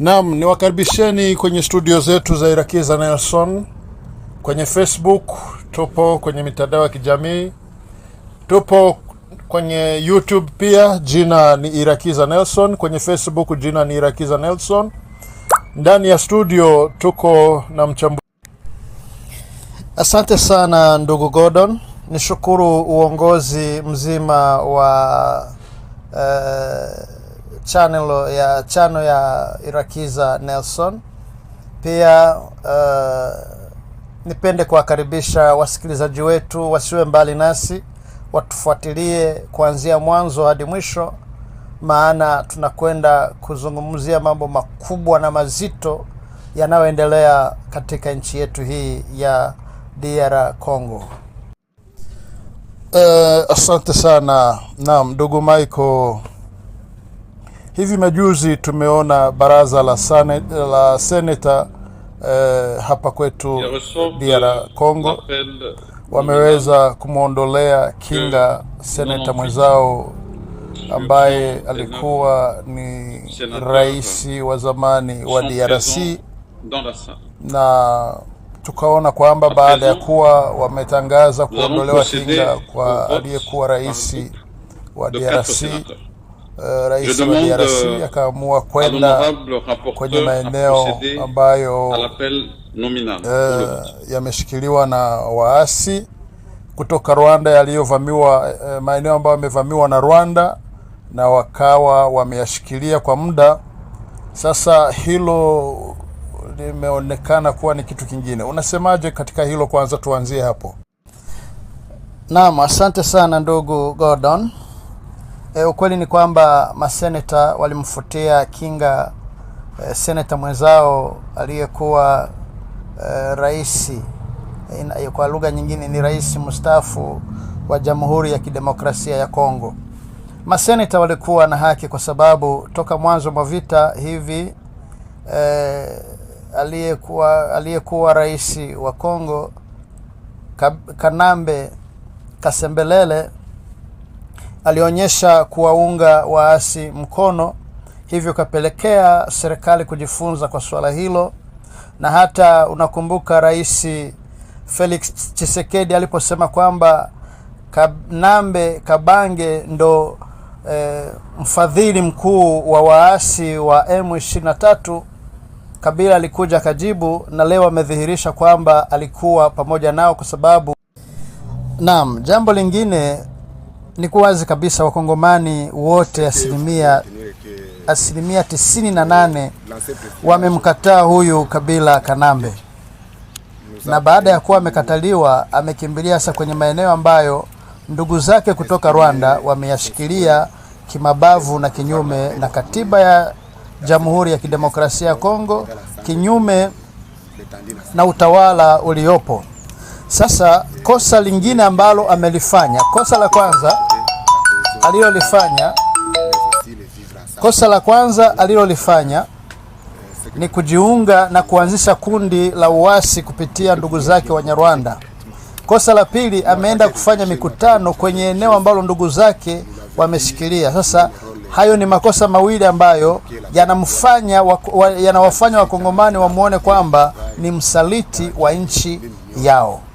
Naam, niwakaribisheni kwenye studio zetu za Irakiza Nelson. Kwenye Facebook tupo, kwenye mitandao ya kijamii tupo, kwenye YouTube pia jina ni Irakiza Nelson, kwenye Facebook jina ni Irakiza Nelson. Ndani ya studio tuko na mchambu Asante sana ndugu Gordon, nishukuru uongozi mzima wa uh, channel ya chano ya Irakiza Nelson. Pia uh, nipende kuwakaribisha wasikilizaji wetu wasiwe mbali nasi, watufuatilie kuanzia mwanzo hadi mwisho, maana tunakwenda kuzungumzia mambo makubwa na mazito yanayoendelea katika nchi yetu hii ya DR Congo. Uh, asante sana. Naam, ndugu Michael Hivi majuzi tumeona baraza la, sane, la seneta eh, hapa kwetu DR Congo wameweza kumwondolea kinga seneta mwenzao ambaye alikuwa ni rais wa zamani wa DRC na tukaona kwamba baada ya kuwa wametangaza kuondolewa kinga kwa aliyekuwa rais wa DRC Eh, rais wa DRC euh, akaamua kwenda kwenye maeneo ambayo uh, yameshikiliwa na waasi kutoka Rwanda yaliyovamiwa, uh, maeneo ambayo yamevamiwa na Rwanda na wakawa wameyashikilia kwa muda sasa. Hilo limeonekana kuwa ni kitu kingine. Unasemaje katika hilo? Kwanza tuanzie hapo. Naam, asante sana ndugu Gordon. E, ukweli ni kwamba maseneta walimfutia kinga e, seneta mwenzao aliyekuwa e, rais e, kwa lugha nyingine ni rais mstaafu wa Jamhuri ya Kidemokrasia ya Kongo. Maseneta walikuwa na haki kwa sababu toka mwanzo mwa vita hivi e, aliyekuwa aliyekuwa rais wa Kongo Kanambe Kasembelele alionyesha kuwaunga waasi mkono, hivyo kapelekea serikali kujifunza kwa suala hilo, na hata unakumbuka Rais Felix chisekedi aliposema kwamba Nambe Kabange ndo e, mfadhili mkuu wa waasi wa M23. Kabila alikuja akajibu, na leo amedhihirisha kwamba alikuwa pamoja nao kwa sababu. Naam, jambo lingine ni wazi kabisa wakongomani wote asilimia asilimia tisini na nane wamemkataa huyu Kabila Kanambe, na baada ya kuwa amekataliwa amekimbilia sasa kwenye maeneo ambayo ndugu zake kutoka Rwanda wameyashikilia kimabavu na kinyume na katiba ya Jamhuri ya Kidemokrasia ya Kongo, kinyume na utawala uliopo sasa. Kosa lingine ambalo amelifanya, kosa la kwanza alilolifanya, kosa la kwanza alilolifanya ni kujiunga na kuanzisha kundi la uasi kupitia ndugu zake Wanyarwanda. Kosa la pili, ameenda kufanya mikutano kwenye eneo ambalo ndugu zake wameshikilia. Sasa hayo ni makosa mawili ambayo yanamfanya yanawafanya Wakongomani wamwone kwamba ni msaliti wa nchi yao.